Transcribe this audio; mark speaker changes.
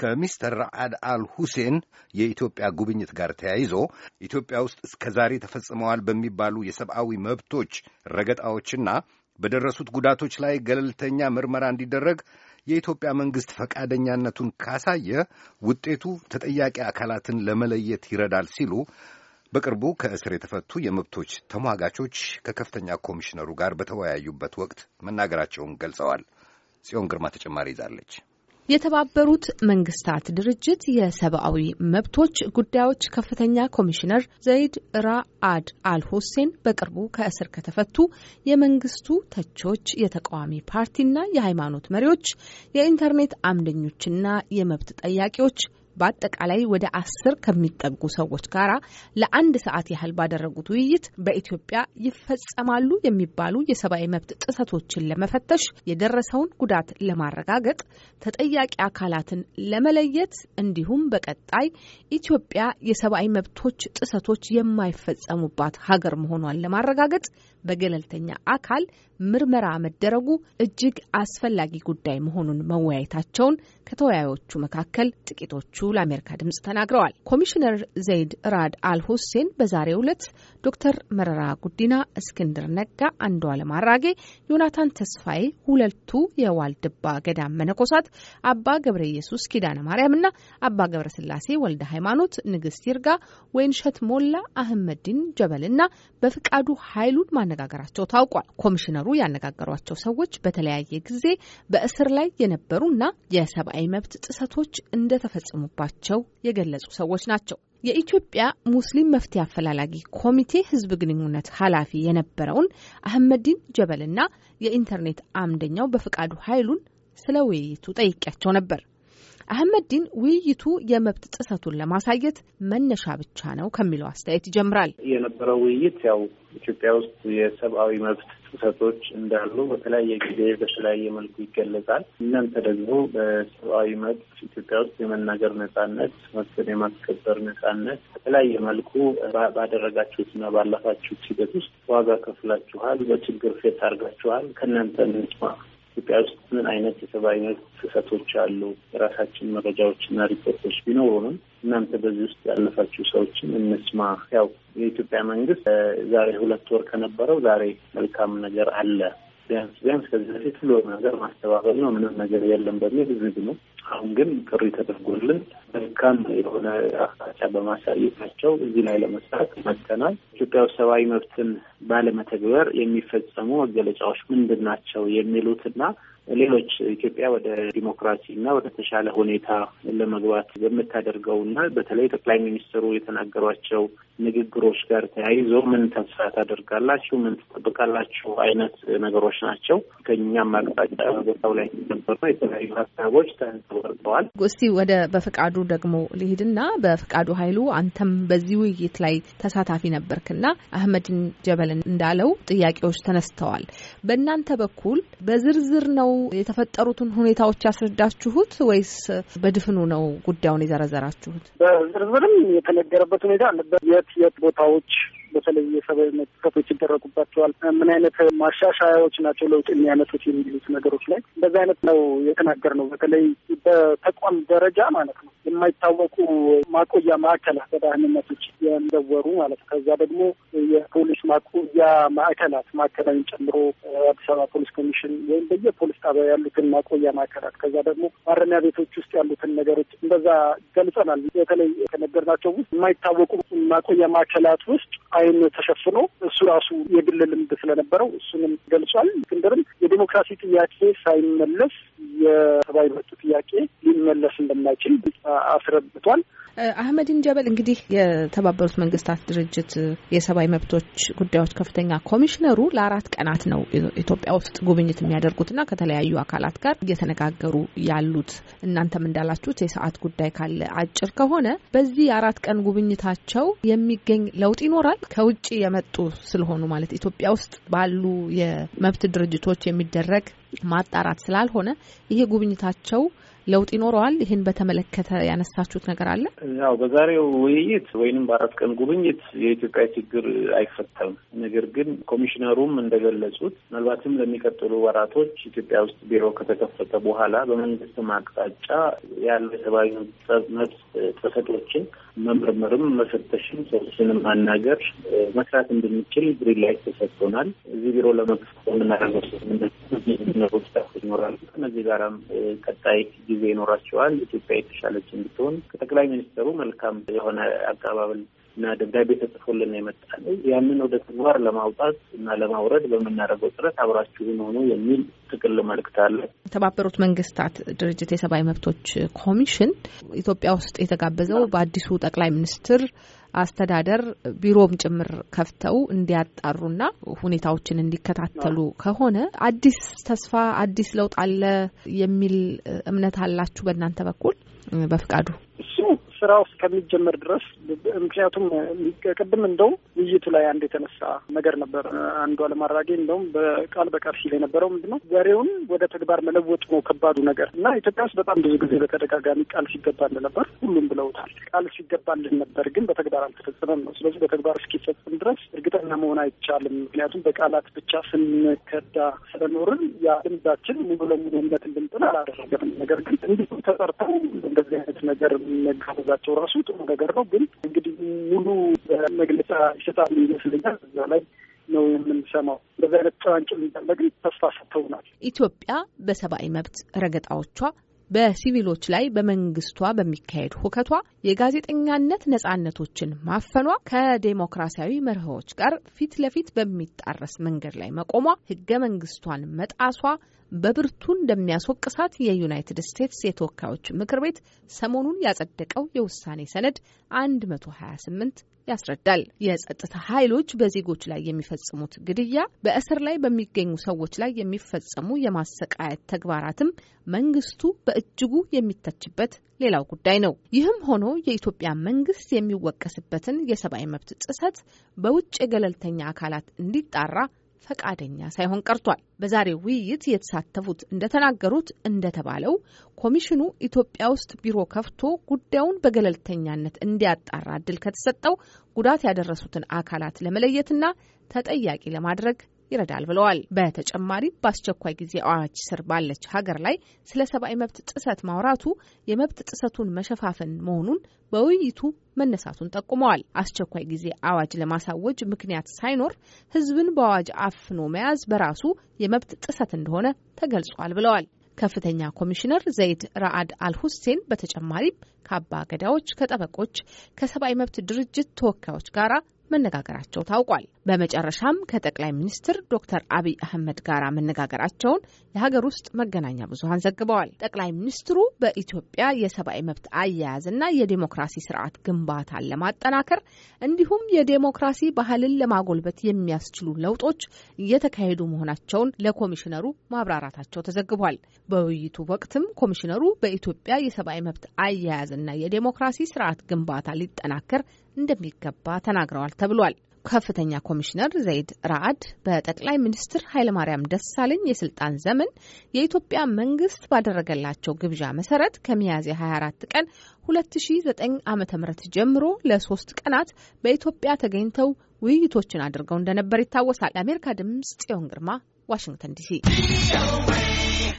Speaker 1: ከሚስተር ራዓድ አል ሁሴን የኢትዮጵያ ጉብኝት ጋር ተያይዞ ኢትዮጵያ ውስጥ እስከ ዛሬ ተፈጽመዋል በሚባሉ የሰብአዊ መብቶች ረገጣዎችና በደረሱት ጉዳቶች ላይ ገለልተኛ ምርመራ እንዲደረግ የኢትዮጵያ መንግሥት ፈቃደኛነቱን ካሳየ ውጤቱ ተጠያቂ አካላትን ለመለየት ይረዳል ሲሉ በቅርቡ ከእስር የተፈቱ የመብቶች ተሟጋቾች ከከፍተኛ ኮሚሽነሩ ጋር በተወያዩበት ወቅት መናገራቸውን ገልጸዋል። ጽዮን ግርማ ተጨማሪ ይዛለች።
Speaker 2: የተባበሩት መንግስታት ድርጅት የሰብአዊ መብቶች ጉዳዮች ከፍተኛ ኮሚሽነር ዘይድ ራአድ አል ሁሴን በቅርቡ ከእስር ከተፈቱ የመንግስቱ ተቾች፣ የተቃዋሚ ፓርቲና የሃይማኖት መሪዎች፣ የኢንተርኔት አምደኞችና የመብት ጠያቂዎች በአጠቃላይ ወደ አስር ከሚጠጉ ሰዎች ጋር ለአንድ ሰዓት ያህል ባደረጉት ውይይት በኢትዮጵያ ይፈጸማሉ የሚባሉ የሰብአዊ መብት ጥሰቶችን ለመፈተሽ፣ የደረሰውን ጉዳት ለማረጋገጥ፣ ተጠያቂ አካላትን ለመለየት እንዲሁም በቀጣይ ኢትዮጵያ የሰብአዊ መብቶች ጥሰቶች የማይፈጸሙባት ሀገር መሆኗን ለማረጋገጥ በገለልተኛ አካል ምርመራ መደረጉ እጅግ አስፈላጊ ጉዳይ መሆኑን መወያየታቸውን ከተወያዮቹ መካከል ጥቂቶቹ ለአሜሪካ ድምጽ ተናግረዋል። ኮሚሽነር ዘይድ ራድ አል ሁሴን በዛሬው ዕለት ዶክተር መረራ ጉዲና፣ እስክንድር ነጋ፣ አንዱዓለም አራጌ፣ ዮናታን ተስፋዬ፣ ሁለቱ የዋልድባ ገዳም መነኮሳት አባ ገብረ ኢየሱስ ኪዳነ ማርያም እና አባ ገብረ ስላሴ ወልደ ሃይማኖት፣ ንግስት ይርጋ፣ ወይንሸት ሞላ፣ ጀበል ጀበልና በፍቃዱ ኃይሉን ማነጋገራቸው ታውቋል። ኮሚሽነሩ ያነጋገሯቸው ሰዎች በተለያየ ጊዜ በእስር ላይ የነበሩና የሰብአዊ መብት ጥሰቶች እንደተፈጸሙባቸው የገለጹ ሰዎች ናቸው። የኢትዮጵያ ሙስሊም መፍትሄ አፈላላጊ ኮሚቴ ህዝብ ግንኙነት ኃላፊ የነበረውን አህመዲን ጀበልና የኢንተርኔት አምደኛው በፍቃዱ ኃይሉን ስለ ውይይቱ ጠይቄያቸው ነበር። ዲን ውይይቱ የመብት ጥሰቱን ለማሳየት መነሻ ብቻ ነው ከሚለው አስተያየት ይጀምራል። የነበረው
Speaker 1: ውይይት ያው ኢትዮጵያ ውስጥ የሰብአዊ መብት ጥሰቶች እንዳሉ በተለያየ ጊዜ በተለያየ መልኩ ይገለጻል። እናንተ ደግሞ በሰብአዊ መብት ኢትዮጵያ ውስጥ የመናገር ነጻነት፣ መብትን የማስከበር ነጻነት በተለያየ መልኩ ባደረጋችሁትና ባለፋችሁት ሂደት ውስጥ ዋጋ ከፍላችኋል፣ በችግር ፌት አድርጋችኋል። ከእናንተ እንስማ ኢትዮጵያ ውስጥ ምን አይነት የሰብአዊ መብት ጥሰቶች አሉ? የራሳችን መረጃዎችና ሪፖርቶች ቢኖሩንም እናንተ በዚህ ውስጥ ያለፋችሁ ሰዎችን እንስማ። ያው የኢትዮጵያ መንግስት ዛሬ ሁለት ወር ከነበረው ዛሬ መልካም ነገር አለ ቢያንስ ቢያንስ ከዚህ በፊት ሁሉ ነገር ማስተባበል ነው ምንም ነገር የለም በሚል ዝግ ነው። አሁን ግን ጥሪ ተደርጎልን መልካም የሆነ አቅጣጫ በማሳየታቸው እዚህ ላይ ለመስራት መጥተናል። ኢትዮጵያ ውስጥ ሰብአዊ መብትን ባለመተግበር የሚፈጸሙ መገለጫዎች ምንድን ናቸው የሚሉትና ሌሎች ኢትዮጵያ ወደ ዲሞክራሲ እና ወደ ተሻለ ሁኔታ ለመግባት በምታደርገው እና በተለይ ጠቅላይ ሚኒስትሩ የተናገሯቸው ንግግሮች ጋር ተያይዞ ምን ተስፋ ታደርጋላችሁ? ምን ትጠብቃላችሁ? አይነት ነገሮች ናቸው። ከኛም አቅጣጫ ቦታው ላይ ነበሩ የተለያዩ ሀሳቦች ተንጸባርቀዋል።
Speaker 2: እስቲ ወደ በፈቃዱ ደግሞ ልሂድና በፈቃዱ ኃይሉ አንተም በዚህ ውይይት ላይ ተሳታፊ ነበርክና አህመድን ጀበል እንዳለው ጥያቄዎች ተነስተዋል። በእናንተ በኩል በዝርዝር ነው የተፈጠሩትን ሁኔታዎች ያስረዳችሁት ወይስ በድፍኑ ነው ጉዳዩን የዘረዘራችሁት?
Speaker 3: በዝርዝርም የተነገረበት ሁኔታ አለበት። የት የት ቦታዎች በተለይ የሰብአዊ መብት ጥሰቶች ይደረጉባቸዋል፣ ምን አይነት ማሻሻያዎች ናቸው ለውጥ የሚያመጡት የሚሉት ነገሮች ላይ እንደዚህ አይነት ነው የተናገር ነው። በተለይ በተቋም ደረጃ ማለት ነው የማይታወቁ ማቆያ ማዕከላት በደህንነቶች የሚዘወሩ ማለት ነው። ከዛ ደግሞ የፖሊስ ማቆያ ማዕከላት ማዕከላዊን ጨምሮ አዲስ አበባ ፖሊስ ኮሚሽን ወይም በየፖሊስ ጣቢያ ያሉትን ማቆያ ማዕከላት ከዛ ደግሞ ማረሚያ ቤቶች ውስጥ ያሉትን ነገሮች እንደዛ ገልጸናል። በተለይ ከነገርናቸው ውስጥ የማይታወቁ ማቆያ ማዕከላት ውስጥ አይን ተሸፍኖ እሱ ራሱ የግል ልምድ ስለነበረው እሱንም ገልጿል። እስክንድርም የዲሞክራሲ ጥያቄ ሳይመለስ የሰብአዊ መብት ጥያቄ ሊመለስ እንደማይችል አስረድቷል።
Speaker 2: አህመዲን ጀበል እንግዲህ የተባበሩት መንግስታት ድርጅት የሰብአዊ መብቶች ጉዳዮች ከፍተኛ ኮሚሽነሩ ለአራት ቀናት ነው ኢትዮጵያ ውስጥ ጉብኝት የሚያደርጉትና ከተለያዩ አካላት ጋር እየተነጋገሩ ያሉት። እናንተም እንዳላችሁት የሰዓት ጉዳይ ካለ አጭር ከሆነ በዚህ የአራት ቀን ጉብኝታቸው የሚገኝ ለውጥ ይኖራል? ከውጭ የመጡ ስለሆኑ ማለት ኢትዮጵያ ውስጥ ባሉ የመብት ድርጅቶች የሚደረግ ማጣራት ስላልሆነ ይሄ ጉብኝታቸው ለውጥ ይኖረዋል? ይህን በተመለከተ ያነሳችሁት ነገር አለ?
Speaker 1: ያው በዛሬው ውይይት ወይንም በአራት ቀን ጉብኝት የኢትዮጵያ ችግር አይፈታም። ነገር ግን ኮሚሽነሩም እንደገለጹት ምናልባትም ለሚቀጥሉ ወራቶች ኢትዮጵያ ውስጥ ቢሮ ከተከፈተ በኋላ በመንግስትም አቅጣጫ ያለ የሰብአዊ መብት ጥሰቶችን መምርምርም መፈተሽም ሰዎችንም ማናገር መስራት እንድንችል ግሪን ላይት ተሰጥቶናል። እዚህ ቢሮ ለመክፈት የምናደርገው ስምምነት ይኖራሉ። ከነዚህ ጋራም ቀጣይ ጊዜ ይኖራቸዋል። ኢትዮጵያ የተሻለች እንድትሆን ከጠቅላይ ሚኒስትሩ መልካም የሆነ አቀባበል እና ደብዳቤ ተጽፎልን የመጣ ያንን ወደ ተግባር ለማውጣት እና ለማውረድ በምናደርገው ጥረት አብራችሁን ሆኖ የሚል ጥቅል መልእክት አለ።
Speaker 2: የተባበሩት መንግስታት ድርጅት የሰብአዊ መብቶች ኮሚሽን ኢትዮጵያ ውስጥ የተጋበዘው በአዲሱ ጠቅላይ ሚኒስትር አስተዳደር ቢሮም ጭምር ከፍተው እንዲያጣሩና ሁኔታዎችን እንዲከታተሉ ከሆነ አዲስ ተስፋ አዲስ ለውጥ አለ የሚል እምነት አላችሁ በእናንተ በኩል በፍቃዱ?
Speaker 3: ስራው እስከሚጀመር ድረስ ምክንያቱም ቅድም እንደውም ውይይቱ ላይ አንድ የተነሳ ነገር ነበር። አንዱ አለማራጌ እንደውም በቃል በቃል ሲል የነበረው ምንድን ነው ወሬውን ወደ ተግባር መለወጡ ነው ከባዱ ነገር እና ኢትዮጵያ ውስጥ በጣም ብዙ ጊዜ በተደጋጋሚ ቃል ሲገባልን ነበር፣ ሁሉም ብለውታል። ቃል ሲገባልን ነበር፣ ግን በተግባር አልተፈጸመም ነው። ስለዚህ በተግባር እስኪፈጸም ድረስ እርግጠኛ መሆን አይቻልም። ምክንያቱም በቃላት ብቻ ስንከዳ ስለኖርን ያ ልምዳችን ሙሉ ለሙሉ እምነት እንድንጥል አላደረገም። ነገር ግን እንዲሁ ተጠርተው እንደዚህ አይነት ነገር መጋበዝ መያዛቸው ራሱ ጥሩ ነገር ነው። ግን እንግዲህ ሙሉ መግለጫ ይሰጣሉ ይመስለኛል እዛ ላይ ነው የምንሰማው። እንደዚህ አይነት ጭላንጭል እንዳለ ግን ተስፋ
Speaker 2: ሰጥተውናል። ኢትዮጵያ በሰብአዊ መብት ረገጣዎቿ በሲቪሎች ላይ በመንግስቷ በሚካሄድ ሁከቷ የጋዜጠኛነት ነጻነቶችን ማፈኗ ከዴሞክራሲያዊ መርህዎች ጋር ፊት ለፊት በሚጣረስ መንገድ ላይ መቆሟ ህገ መንግስቷን መጣሷ በብርቱ እንደሚያስወቅሳት የዩናይትድ ስቴትስ የተወካዮች ምክር ቤት ሰሞኑን ያጸደቀው የውሳኔ ሰነድ 128 ያስረዳል። የጸጥታ ኃይሎች በዜጎች ላይ የሚፈጽሙት ግድያ፣ በእስር ላይ በሚገኙ ሰዎች ላይ የሚፈጸሙ የማሰቃየት ተግባራትም መንግስቱ በእጅጉ የሚተችበት ሌላው ጉዳይ ነው። ይህም ሆኖ የኢትዮጵያ መንግስት የሚወቀስበትን የሰብአዊ መብት ጥሰት በውጭ የገለልተኛ አካላት እንዲጣራ ፈቃደኛ ሳይሆን ቀርቷል። በዛሬው ውይይት የተሳተፉት እንደተናገሩት እንደተባለው ኮሚሽኑ ኢትዮጵያ ውስጥ ቢሮ ከፍቶ ጉዳዩን በገለልተኛነት እንዲያጣራ እድል ከተሰጠው ጉዳት ያደረሱትን አካላት ለመለየትና ተጠያቂ ለማድረግ ይረዳል ብለዋል። በተጨማሪ በአስቸኳይ ጊዜ አዋጅ ስር ባለች ሀገር ላይ ስለ ሰብአዊ መብት ጥሰት ማውራቱ የመብት ጥሰቱን መሸፋፈን መሆኑን በውይይቱ መነሳቱን ጠቁመዋል። አስቸኳይ ጊዜ አዋጅ ለማሳወጅ ምክንያት ሳይኖር ህዝብን በአዋጅ አፍኖ መያዝ በራሱ የመብት ጥሰት እንደሆነ ተገልጿል ብለዋል። ከፍተኛ ኮሚሽነር ዘይድ ራአድ አልሁሴን በተጨማሪም ከአባ ገዳዎች፣ ከጠበቆች፣ ከሰብአዊ መብት ድርጅት ተወካዮች ጋራ። መነጋገራቸው ታውቋል። በመጨረሻም ከጠቅላይ ሚኒስትር ዶክተር አብይ አህመድ ጋር መነጋገራቸውን የሀገር ውስጥ መገናኛ ብዙሀን ዘግበዋል። ጠቅላይ ሚኒስትሩ በኢትዮጵያ የሰብአዊ መብት አያያዝና የዴሞክራሲ ስርዓት ግንባታን ለማጠናከር እንዲሁም የዴሞክራሲ ባህልን ለማጎልበት የሚያስችሉ ለውጦች እየተካሄዱ መሆናቸውን ለኮሚሽነሩ ማብራራታቸው ተዘግቧል። በውይይቱ ወቅትም ኮሚሽነሩ በኢትዮጵያ የሰብአዊ መብት አያያዝና የዴሞክራሲ ስርዓት ግንባታ ሊጠናከር እንደሚገባ ተናግረዋል ተብሏል። ከፍተኛ ኮሚሽነር ዘይድ ራአድ በጠቅላይ ሚኒስትር ኃይለማርያም ደሳለኝ የስልጣን ዘመን የኢትዮጵያ መንግስት ባደረገላቸው ግብዣ መሰረት ከሚያዝያ 24 ቀን 2009 ዓ.ም ጀምሮ ለሶስት ቀናት በኢትዮጵያ ተገኝተው ውይይቶችን አድርገው እንደነበር ይታወሳል። ለአሜሪካ ድምጽ ጽዮን ግርማ ዋሽንግተን ዲሲ